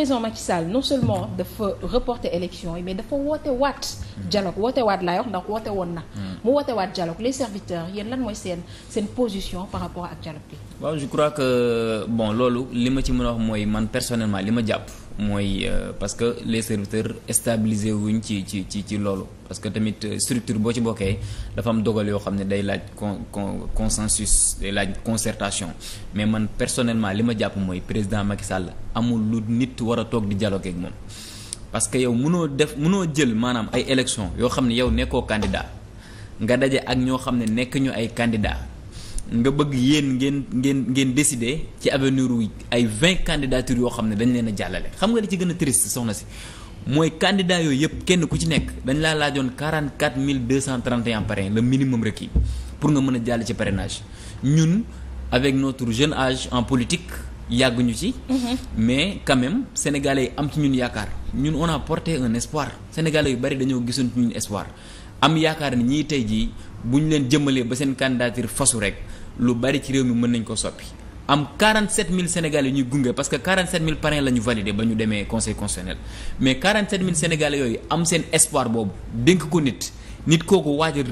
président Macky Sall non seulement dafa reporter élection yi mais dafa woote waat dialogue woote waat laay wax ndax woote woon na hmm. mu woote waat dialogue les serviteurs yéen lan mooy seen seen position par rapport ak dialogue bi waaw je crois que bon loolu li ma ci mën a wax mooy man personnellement li ma jàpp mooy euh, parce que les serviteurs stabilisé wuñ ci ci ci ci loolu parce que tamit euh, structure boo ci bokkee dafa am dogal yoo xam ne day laaj con consensus day laaj consertation mais man personnellement li ma jàpp mooy président Macky Sall amul lu nit war a toog di dialogue ak moom. parce que yow mënoo def mënoo jël maanaam ay élection yoo xam ne yow nekkoo candidat nga daje ak ñoo xam ne nekk ñu ay candidat nga bëgg yéen ngeen ngeen ngeen décider ci avenir wu ay vingt candidatures yoo xam ne dañ leen a jàllale xam nga li ci gën a triste soxna si mooy candidat yooyu yëpp kenn ku ci nekk dañ laa laajoon quarante quatre mille deux cent trente et un parrain le minimum requis pour nga mën a jàll ci parrainage ñun avec notre jeune age en politique ñu ci. Mhm. mais quand même sénégalais yi am ci ñun yaakaar ñun on a porté un espoir sénégalais yu bari dañoo gisoon ci ñun espoir am yaakaar ni ñii tey jii bu ñu leen jëmmalee ba seen candidature fasu rek. lu bari ci réew mi mën nañ ko soppi am 47000 sénégalais yu ñuy gunge parce que 47000 parrain la ñu validé ba ñu demee conseil constitutionnel mais 47000 sénégalais yooyu am seen espoir boobu dénk ko nit nit kooku waaj a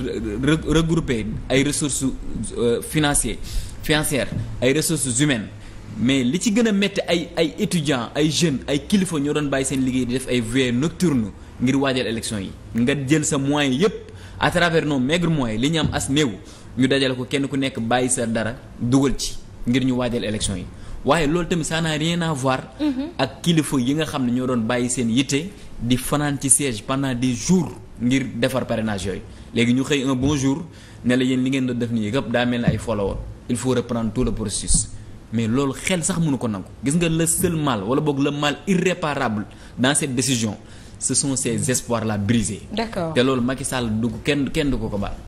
regrouper ay ressources euh, financières financières ay ressources humaines mais li ci gën a métti ay ay étudiants ay jeunes ay kilifa ñoo doon bàyyi seen liggéey di def ay veillées nocturnes ngir waajal élection yi nga jël sa moyen yépp à travers nos maigres moyens li ñu as néew ñu dajale ko kenn ku nekk bàyyi sa dara dugal ci ngir ñu waajal élection yi waaye loolu tamit ça n'a rien à mm-hmm. ak kilifa yi nga xam ne ñoo doon bàyyi seen yitte di fanaan ci siège pendant des jours ngir defar parrainage yooyu léegi ñu xëy un bon jour ne la yéen li ngeen doon def nii yëpp daa mel ne ay follower il faut reprendre tout le processus mais loolu xel sax mënu ko nangu gis nga le seul mal wala boog le mal irréparable dans cette décision ce sont ces espoirs là brisés. te loolu Macky Sall du kenn kenn du ko ko baal.